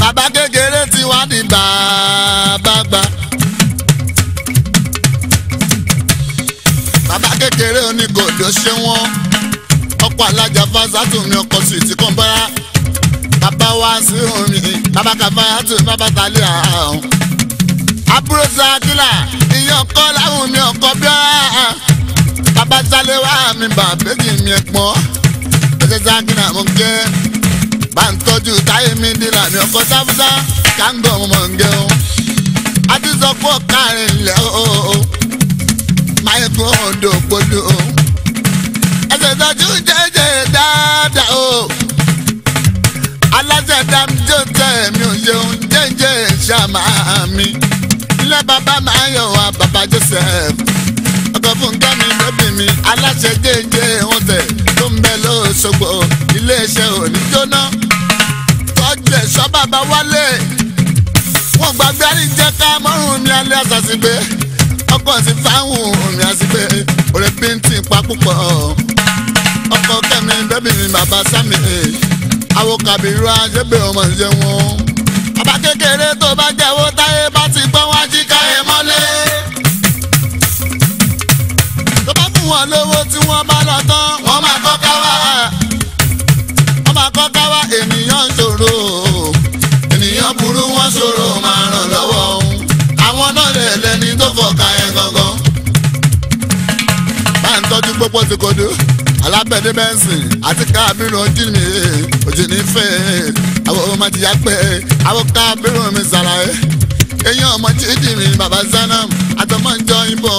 bàbá kékeré ti wá di bàbá gbà. bàbá kékeré oníkòdó ṣe wọn ọkọ̀ alájà fásitì mi ọkọ̀ sùìtì kan bára bàbá wa sí omi bàbá kàfáyàtì bàbá tàlẹ́ àhàn. àbúrò sàkílà ìyá ọkọ láwùn mi ọkọ bíọ́ra bàbá sálẹ̀ wá mi bàbéjì mi ẹ̀pọ́n ẹ̀sẹ̀ sàkílà mo gẹ́ bá ń tọ́jú táyé mi dìlà mi ọkọ sáfúsá káńgọ̀ mo mọ̀ ń gẹun. a ti sọ fún ọ̀kàrin lẹ́ o máyé fún ṣẹ̀dá tí ó jẹ́jẹ́ dáadáa o. aláṣẹ̀dá mi tó tẹ̀ mí ò yẹun jẹ́jẹ́ ṣàmà mi. bàbá máa yọ̀ wá bàbá Joseph. ọkọ̀ fún kẹ́mi lóbì mi aláṣẹ jẹ́jẹ́ wọn tẹ̀ tó ń bẹ lóṣogbo iléeṣẹ́ òní jóná. tọ́jú ẹ̀ṣọ́ bàbá wálé. wọ́n gbàgbé àríjẹ́ ká mọ́rùn mi alẹ́ àṣàṣìgbé ọkọ̀ sí fáwọn òmìnira sí pé òrèpé ń pa púpọ̀ ọmọ kẹ́mi bẹ́bìnrin bàbá sami ẹ̀ àwọn kàbírú ajẹ́gbẹ́ ọmọ ìjẹun ọba kékeré tó bá jẹ́wọ́ táyé bá ti agbẹ̀dẹ bẹ́ǹsì àti kábírù ojú mi òjì ní fẹ́ àwọn ọmọ ti yá pé àwọn kábírù mi sàlàyé eyín ọmọ jíjì mi bàbá zanam àtọmọ ìjọ ìbò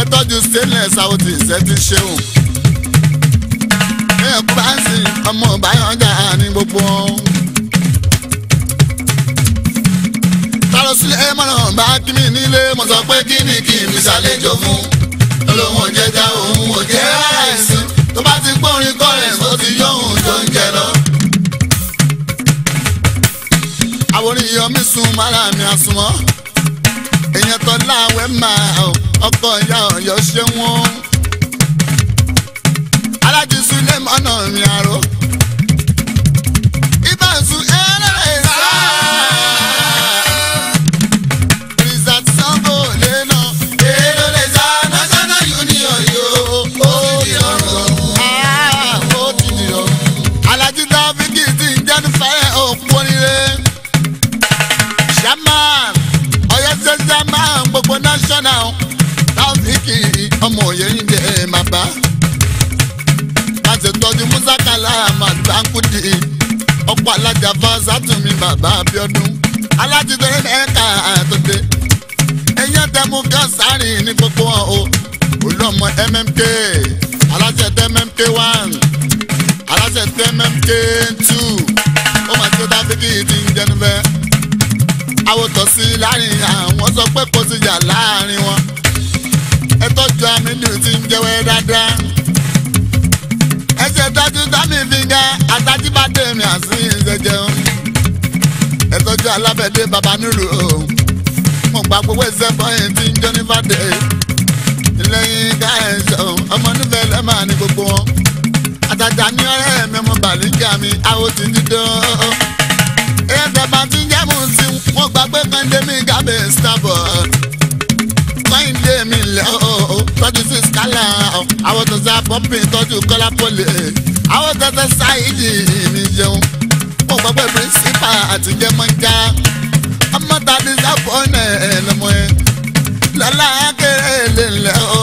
ẹ tọ́jú stainless àwọn ti ìṣẹ́ ti ṣeun. ẹ kú bá ọmọ ìbáyọ̀jà ní gbogbo ohun. lọ sílẹ̀ mọ́nà bá kí mi nílé mo sọ pé kí ni kí mi ṣàlejò fún olóhùn òjẹjà òun òjẹ àìsàn tó bá ti gbórin kọrin tó ti yóhùn tó ń jẹ lọ. àwọn èèyàn mi sun mara mi àsùnmọ́ èèyàn tó láwẹ̀ máa ọkọ̀ mọ́nà mi àrò. Ọ̀yọ́ sẹ́sẹ́ máa ń gbogbo national táwùsíkì ọmọ òye ń jẹ màbá. Àṣetọ́jú Musa Kala Màtá Kudi ọ̀pọ̀ alájà Fásátùmí bàbá Abíọ́dún alájùdọ́rẹ́ mẹ́ka àtọ́dé. Ẹ̀yẹ́ tẹ́mu kan sáré ní gbogbo ọ̀ o. Olúọmọ MMK aláṣẹ tẹ́ MMK one aláṣẹ tẹ́ MMK two ó máa tó dábìkì ti ń bẹ́ẹ̀ àwòtọ́ sí láàrin àwọn sọ pé kò sí jà láàrin wọn ẹ tọ́jú amílù tí ń jẹ́wẹ́ dáadáa ẹsẹ̀ tọ́jú dámì fíga àtàjíbádé mi àti ìṣẹ̀jẹun ẹ tọ́jú alábẹ̀dé bàbá nílùú òun mo gbà gbogbo ẹsẹ̀ bọ́yìn tí ń jọ ní fàdé lẹ́yìn ká ẹ̀ sọ̀rọ̀ ọmọ nífẹ̀ẹ́ lẹ́mà ní gbogbo wọn àtàjà ní ọ̀rẹ́ mi ọmọ bàlíjà mi àwọn dídán rẹ́dẹ̀ bá ti ń jẹ́mu sí wọ́n gba pé kọ́ńdé mi gàbẹ̀ starboard kọ́ńdé mi lẹ́ o tọ́jú sí skala àwọn tó sá pọ́ǹpì tọ́jú kọ́lá pọ́lẹ̀ àwọn tó sá sáyidì mi jẹun wọ́n gba pé pírísípà àti jẹ́mọ́já ọmọ tàbí sábọ́ọ̀nẹ̀ ẹ̀ lọ́mọ ẹ̀ lọ́lá kéré lè lẹ́ o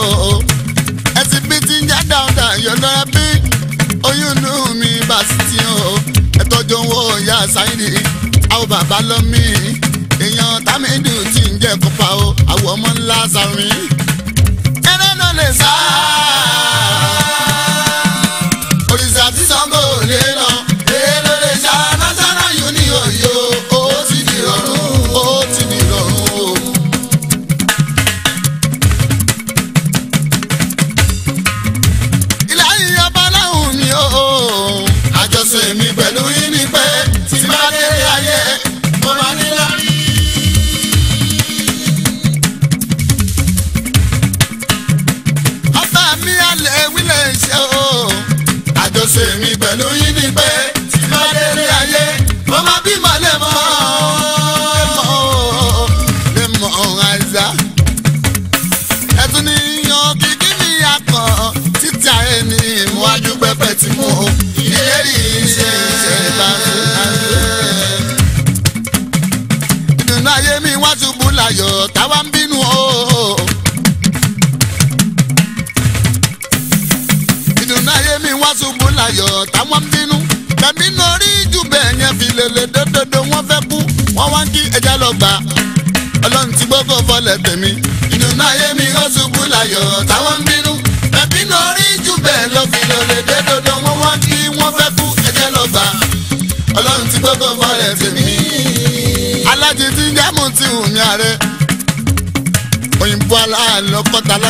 ẹtì bí ti ń já dáadáa ìyọ̀lọ́ra bí oyún inú mi bá sí ti hàn ẹ̀tọ́jú owó ìyá sáyẹ́nì àwọn bàbá lọ́mí èèyàn tàmídù tí ń jẹ́ kópa o àwọn ọmọ ńlá sàrin eré ló lè sá.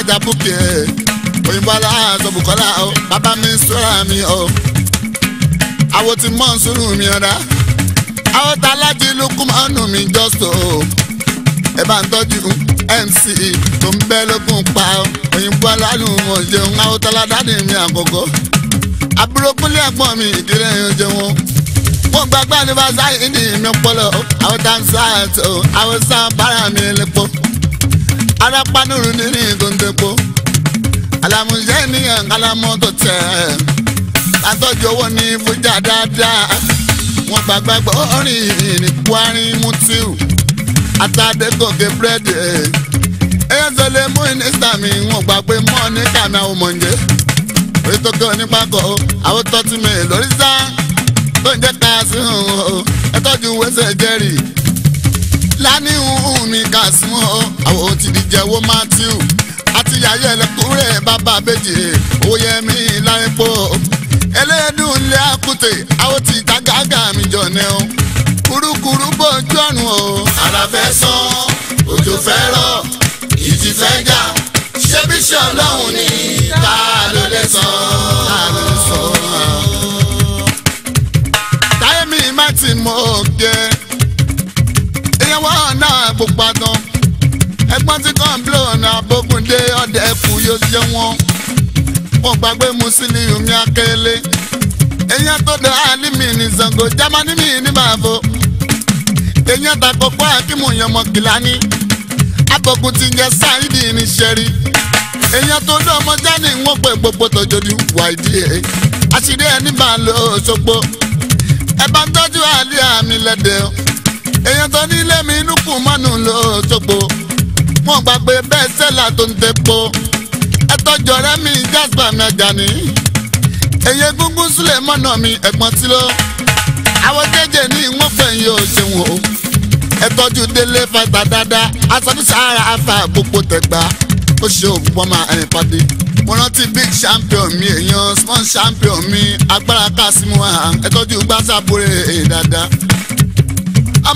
ajá búkì ẹ̀ òyìnbó aláàzọ Bùkọ́lá bàbá mi sọ́ra mi o àwọn tí mọ̀ mi ọ̀dà àwọn tá alájí Lukumanu mi jọ́sọ̀ ẹ bá ń tọ́jú MC tó ń pa o òyìnbó aláàlùmọ̀ jẹun àwọn tá mi àbúrò ẹ̀gbọ́n mi ìdílé yẹn jẹun gbàgbọ́ ní ń sáà tó sáà arápánúrú nírí gbòǹdèpo àlàmúṣẹ́ níyàn kálámọ́ tó tẹ̀ àtọ́jú owó ní fújà dáadáa wọn gbàgbà gbọ́rìn ní Kwari Mutiu àtàdégòkè búrẹ́dì ẹ̀yẹ́ tó lè mú ìnísítà mi wọn gbàgbé mọ́ ní kàmí àwọn mọ̀nyẹ́ orí tó kẹ́ onípàkọ́ àwọn tọ́tí mi lórí sá tó ń jẹ́ ká sí hàn ó ẹ tọ́jú wẹ́sẹ̀ jẹ́rìí lánìhùn mi kàsímù o àwọn ti di jẹ́wọ́ matthew àti yàyẹ ẹlẹ́kúnrẹ́ bàbá bèjì oyèmí láìpò ẹlẹ́dùn ilé àkùtè àwọn ti ta gàgà mi jọ ní o kurukuru bójú ọ̀run o. ara fẹ́ sán òjò fẹ́ rọ̀ ìjì fẹ́ jà ṣé bíṣẹ́ ọlọ́run ni ta ló lè sọ. táyé mi má ti mọ̀ ọ́ gẹ́ ayẹwo náà kò pàtàn ẹgbọ́n tí kọ́ńblọ̀n abógundé ọ̀dẹ kù yóò jẹ wọn wọn gbàgbé Musiliu mi akele èyàn tó dẹ alimi ní Ṣàngó jamani mi ní màfo èyàn takọ̀kọ́ akímù yọmọ Kìlání abọ́gun ti jẹ Sáídì ní sẹ́rí èyàn tó dẹ ọmọ jáde wọn pé gbogbo tọjọdún wà ẹ àṣírí ẹ ní màá lọ ẹ bá ń tọ́jú àlẹ́ àmì lẹ́dẹ̀ẹ́ èèyàn tó ní lẹ́mí inú kù mọ́nù ló ṣògbò wọ́n gbà pé bẹ́ẹ̀ sẹ́là tó ń tepo ẹtọ́jọ rẹ mi jasper nàjà ní èyí gúngún sílẹ̀ mọ́nà mi ẹ̀gbọ́n tí ló àwọn jẹ́jẹ́ ní wọ́n fẹ̀yìn ò ṣeun o ẹtọ́jú délé fata dáadáa asọ́jú sahara afa gbogbo tẹ̀gbá ó ṣe òbúbọ́n máa ẹ̀rìn pàdé mo rántí big champion mi èèyàn small champion mi agbára kásímù ẹtọ́jú gbásàbúrè eh, dáadáa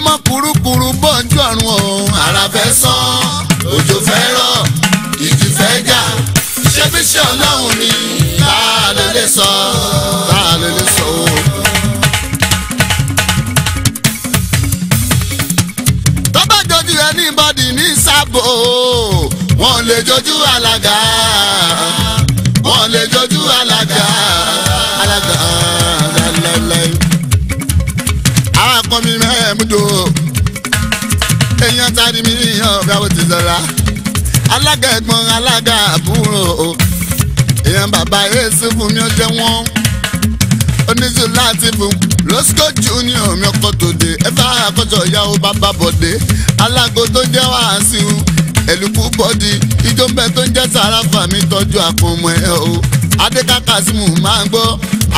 mọ́ kurukuru bọ́jú ọ̀run o. ara fẹ́ ojo òjò fẹ́ rọ̀ ìjì fẹ́ jà ṣé fíṣẹ́ ọlọ́run ni tá a lè lè sọ tá a lè lè sọ o. tọ́bẹ̀ jojú anybody ní sábò wọ́n lè jojú alága wọ́n lè jojú alága alága alága. àwọn akọni rẹ mẹ́múdò èèyàn tani mi yàn báwo ti sọ̀rọ̀ alága ẹ̀gbọ́n alága àbúrò èèyàn bàbá yéésù fún mi ó jẹ́ wọ́n oníṣù láti fún lọ́síkò junior mi ọkọ̀ tòde ẹ̀fà àkọ́jọ ìyàwó bàbá bọ̀dé alágo tó jẹ́ wàásù ẹ̀lùkù bọ́dì ìjọ́mbẹ tó ń jẹ́ sàràfà mi tọ́jú àpọ̀mọ́ ẹ̀ o adéka kazeem máa ń gbọ́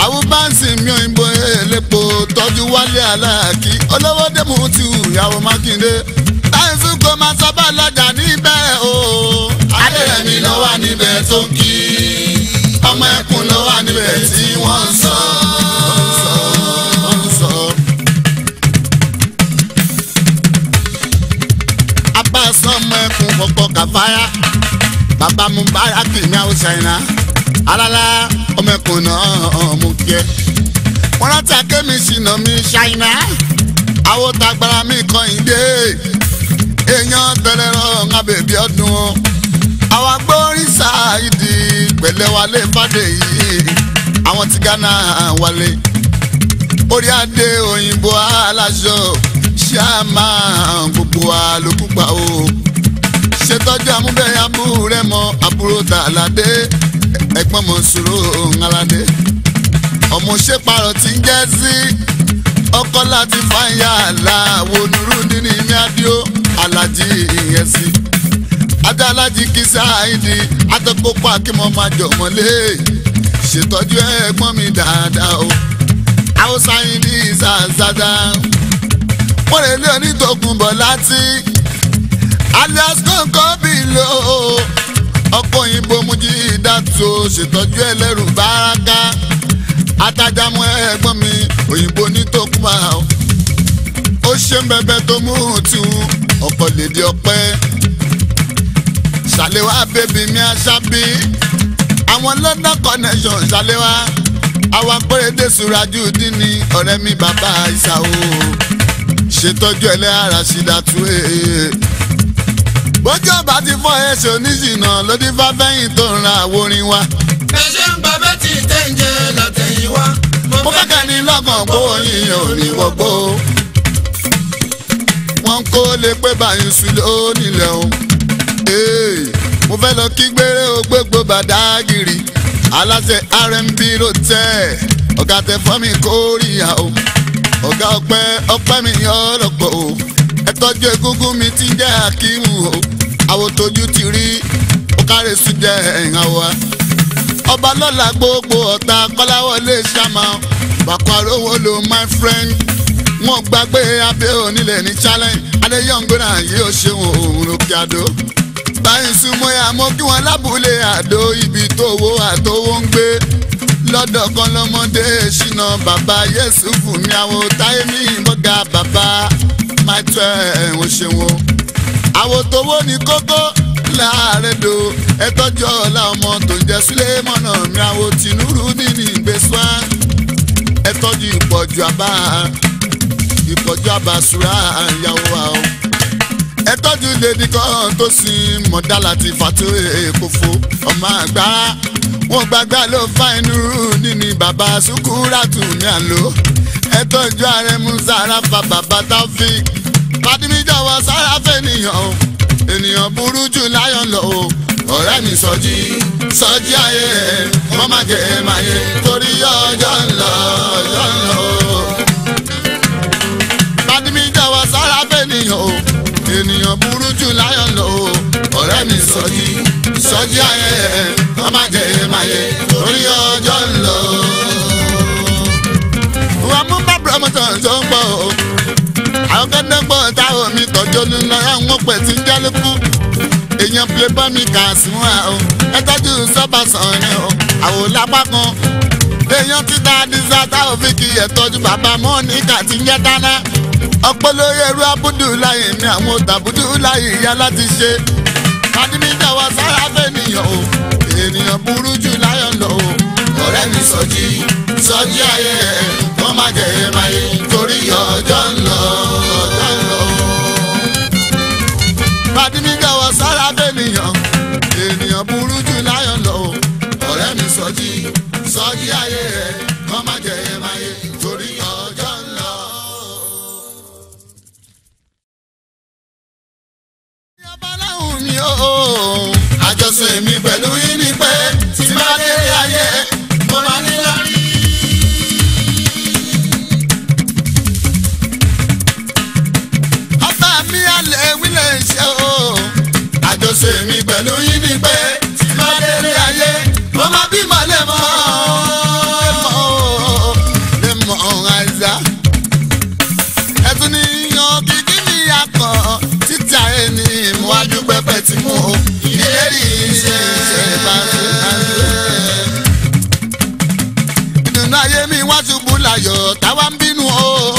àwùbáǹsì mi òyìnbó elépo tọ́jú wálé aláàkí olówó dẹ́mu ti ìyàwó mákindé táyìsù kò máa sábà lọ́jà níbẹ̀ o. adérẹ̀mí ló wà níbẹ̀ tó ń kí ọmọ ẹkùn ló wà níbẹ̀ tí wọ́n sọ. abá sọmọ ẹkùn fọpọ kàfáyà bàbá mubarak ní àwòsàn náà alala ọmọ ẹkùn náà mo jẹ. wọ́n rántí akémi ṣìnà mi ṣáínà àwọn tagbara mi kan ìdè èèyàn tẹ̀lé rọ ńlá bèbí ọdún àwọn agbórin ṣáàdì pẹ̀lẹ́ wálé fàdé yìí àwọn ti Ghana wálé orí adé òyìnbó aláṣọ ṣáàmà gbogbo àlòkùpà o ṣètọ́jú amúbẹ̀yàbú rẹ̀ mọ́ àbúrò tàládé ẹ̀gbọ́n mọ̀ sùúrù ńládé ọmọ ṣe parọ̀ tí ń jẹ́ sí ọkọ láti fáyà làwọn onírú nínú ìmí adíó alájí ìyẹn sí adé alájí kìsà àìdí atọ́kọ́pọ̀ akímọ̀ máa jọ mọ́lé ṣètọ́jú ẹ̀gbọ́n mi dáadáa o haúsá yìí ní ìsàzádá wọ́n lè lé onítọ̀kùnbọ̀ láti alias kọ́ńkọ́ bí lò ó ọkọ òyìnbó mují ìdàtò ṣètọ́jú ẹlẹ́rù báraka atajamu ẹ̀gbọ́n mi òyìnbó ní tókùmá ó ṣe ń bẹbẹ tó mú tiwọn ọkọ lèdí ọpẹ́ ṣàlẹwà bèbí mi àṣàbí àwọn London connection ṣàlẹwà àwọn akóredé suraju dín ní ọ̀rẹ́ mi bàbá ìṣàwò ṣètọ́jú ẹlẹ́ ara ṣìdàtú ẹ̀ẹ́ bójú ọba ti fọ ẹsẹ̀ oníṣìnà ló ti fá fẹ́yìn tó ń ra àwòrin wa. ẹ ṣe ń babẹ́ tí tẹ̀yìn látẹ̀yìn wá. mo fẹ́ kẹ́ni lọ́kàn kó oyin ò ní wọ́gbó. wọ́n kó lè pé báyìí sùn lónìlẹ̀ o. mo fẹ́ lọ kí gbére o gbogbo bàdágìrì aláṣẹ rnb ló tẹ̀ ọ̀gá tẹ fọ́ mi kórìíra o ọ̀gá ọpẹ́ ọpẹ́ mi yọ̀ ọ́ lọ́pọ̀ o tọ́jú egúngún mi ti ń jẹ́ akíhun o àwọn tójú ti rí ó kárẹ̀ sùn jẹ́ ẹ̀hàn wa. ọba lọ́la gbogbo ọ̀tá kọ́láwọlé ṣàmà bàkọ́ àrówó lo my friend wọn gbàgbé abẹ́ onílẹ̀ ní challenge adéyọ̀ngbọ́nà yìí ó ṣeun òun lókè àdó báyìí súnmọ́ ya mọ́ kí wọ́n lábúlé àdó ibi tówó àtówó ń gbé lọ́dọ̀ kan lọ́mọdé ṣìnà bàbá yẹ́sùn fún mi àwọn táyé mi ìbọ̀gà bàbá michael ò ṣeun o àwòtòwò ni kókó láàárẹ̀ do ẹtọ́jọ́ ọ̀la ọmọ tó ń jẹ́ súlẹ̀mọ́nà mi àwò tìǹúrú nínú ìgbésùn ẹtọ́jú ìpọ̀jù àbá ìpọ̀jù àbá sùrà ìyàwó wa o ẹtọ́jú lèdí kan tó sin mọ̀dálà ti fàtó èkófó ọmọ àgbára wọn gbàgbà ló fa inú nínú bàbá sukúrà tù ní àlọ́ ẹ tọ́jú Àrẹ̀mú Sàràfà bàbá Taofeek Fàdímí jọ̀wọ́ Sàràfà ènìyàn o ènìyàn burú jù láyọ̀ lọ o ọ̀rẹ́ mi sọjí sọjí ayé ẹ̀ wọ́n má jẹ́ ẹ̀ máa yẹ torí ọjọ́ ń lọ ọjọ́ ń lọ o. Fàdímí jọ̀wọ́ Sàràfà ènìyàn o ènìyàn burú jù láyọ̀ lọ o ọ̀rẹ́ mi sọjí sọjí ayé ẹ̀ wọ́n má jẹ́ ẹ̀ máa yẹ torí ọjọ́ ń lọ o mọ́tàn tó ń pọ̀ o àwọn kẹ́dọ́gbọ̀ táwọn mi tọ́jú ló ń lọ àwọn pẹ̀ tí ń jálé èèyàn play bá mi kà sí wa o ẹ tọ́jú sọ́ba sàn ni o àwò lápá kan èèyàn títa dísà táwọn fi kì í ẹ̀ tọ́jú bàbá mọ́ọ̀nìkà tí ń jẹ́ dáná ọpọlọyẹ abudu abúdúláyè ni àwọn tàbúdúláyè ìyá láti ṣe adimija wa sára fẹ́ nìyàn o ènìyàn burú jù láyọ̀ lọ o ọ̀rẹ́ mi sọjí sọjí ayé kọ́ má jẹ̀yẹ máyé torí ọjọ́ ń lọ ọjọ́ ń lọ. Bàdínní jọ̀wọ́ sára bẹ́nìyàn ènìyàn burú jù láyọ̀ lọ ọ̀rẹ́ mi sọjí sọjí ayé kọ́ má jẹ̀yẹ máyé torí ọjọ́ ń lọ. Àjọṣe mi pẹ̀lú yín ni pé tí ayé. sílẹ̀ iṣẹ́ o àjọṣe mi pẹ̀lú yín ni pé tí má délé ayé mo má bí má lè mọ́ lè mọ́ àìsà ẹtún ní yan kíkí ní akọ títà ẹni ìmúwájú pẹpẹ tí mo ìlérí iṣẹ́ iṣẹ́ bá ṣe ìdùnnú ayé mi wá ṣubú láyọ̀ táwa ń bínú o. Oh.